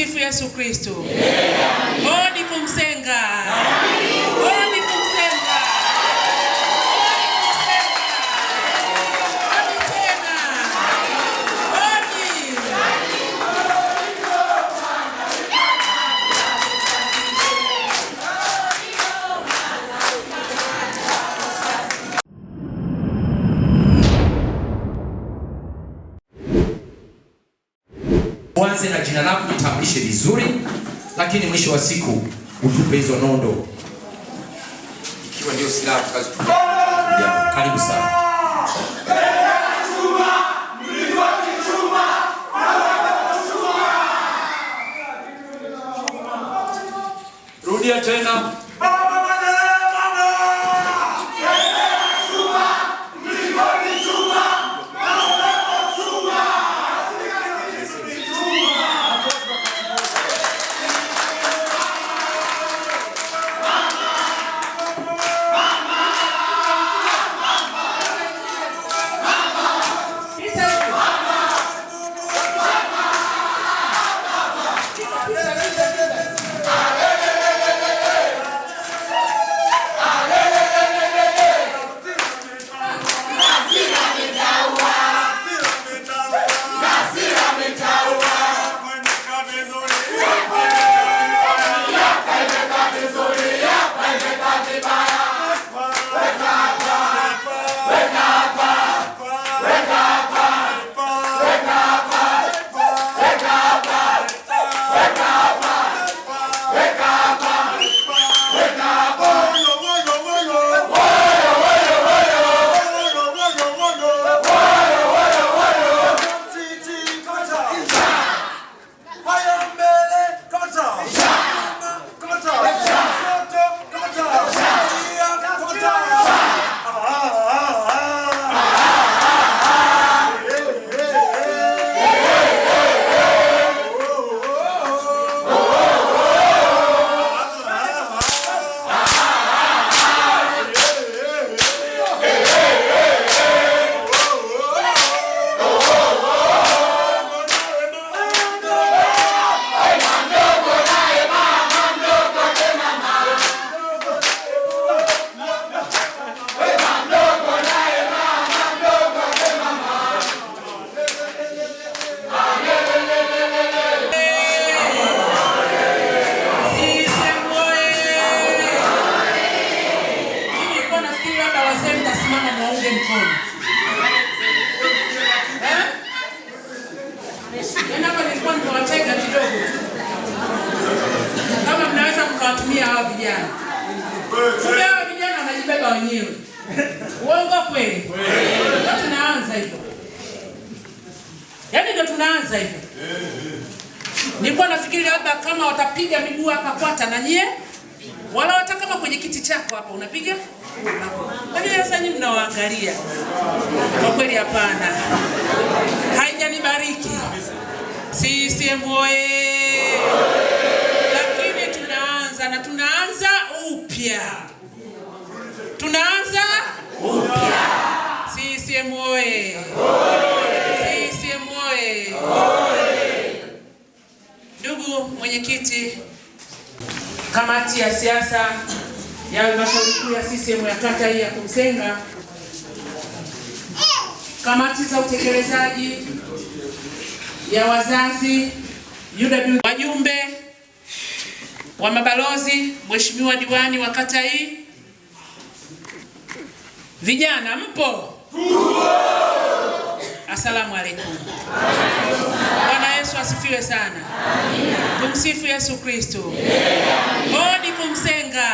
Tumsifu Yesu Kristo. Hodi yeah. kumsenga Amen. Uanze na jina lako, utambulishe vizuri, lakini mwisho wa siku utupe hizo nondo, ikiwa ndio silaha yeah. Karibu sana. Rudia tena. mkono yaani hapa. kidogo, kama mnaweza mkawatumia hawa vijana. Kumbe hawa vijana wanajibeba wenyewe. Uongo kweli? Ndio tunaanza hivyo, yaani ndio tunaanza hivyo. Nilikuwa nafikiri labda kama watapiga miguu hapa kwata na nyie wala hata kama kwenye kiti chako hapa unapiga bado, mnawaangalia kwa kweli. Hapana, haijanibariki CCM oye! Lakini tunaanza na tunaanza upya, tunaanza upya. CCM oye! CCM oye! Ndugu mwenyekiti kamati ya siasa ya halmashauri kuu ya CCM ya kata hii ya Kumsenga, kamati za utekelezaji ya wazazi UW, wajumbe wa mabalozi, mheshimiwa diwani wa kata hii, vijana mpo? Asalamu alaykum. Bwana Yesu asifiwe sana. Amina. Tumsifu Yesu Kristo. Hodi kumsenga.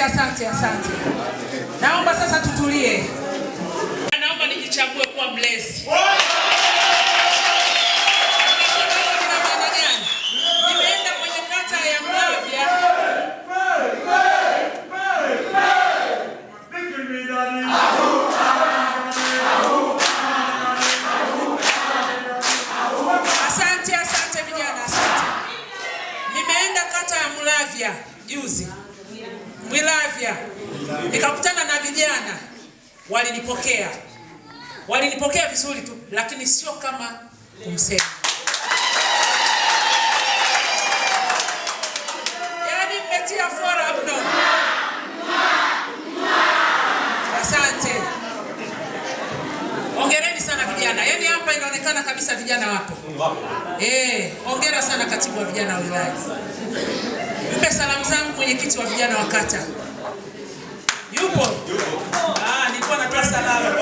asante, asante, asante. Naomba sasa tutulie. Naomba nijichague kuwa mlezi. walinipokea, walinipokea vizuri tu, lakini sio kama kumsema yani mmetia fora mno. Asante, ongereni sana vijana. yani hapa inaonekana kabisa vijana wapo. Eh, ongera sana katibu wa vijana wa wilaya. Mpe salamu zangu mwenyekiti wa vijana wa kata. Yupo? Yupo alikuwa anatoa salamu.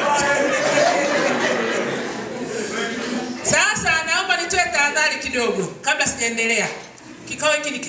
Sasa naomba nitoe tahadhari kidogo kabla sijaendelea. Kikao hiki ni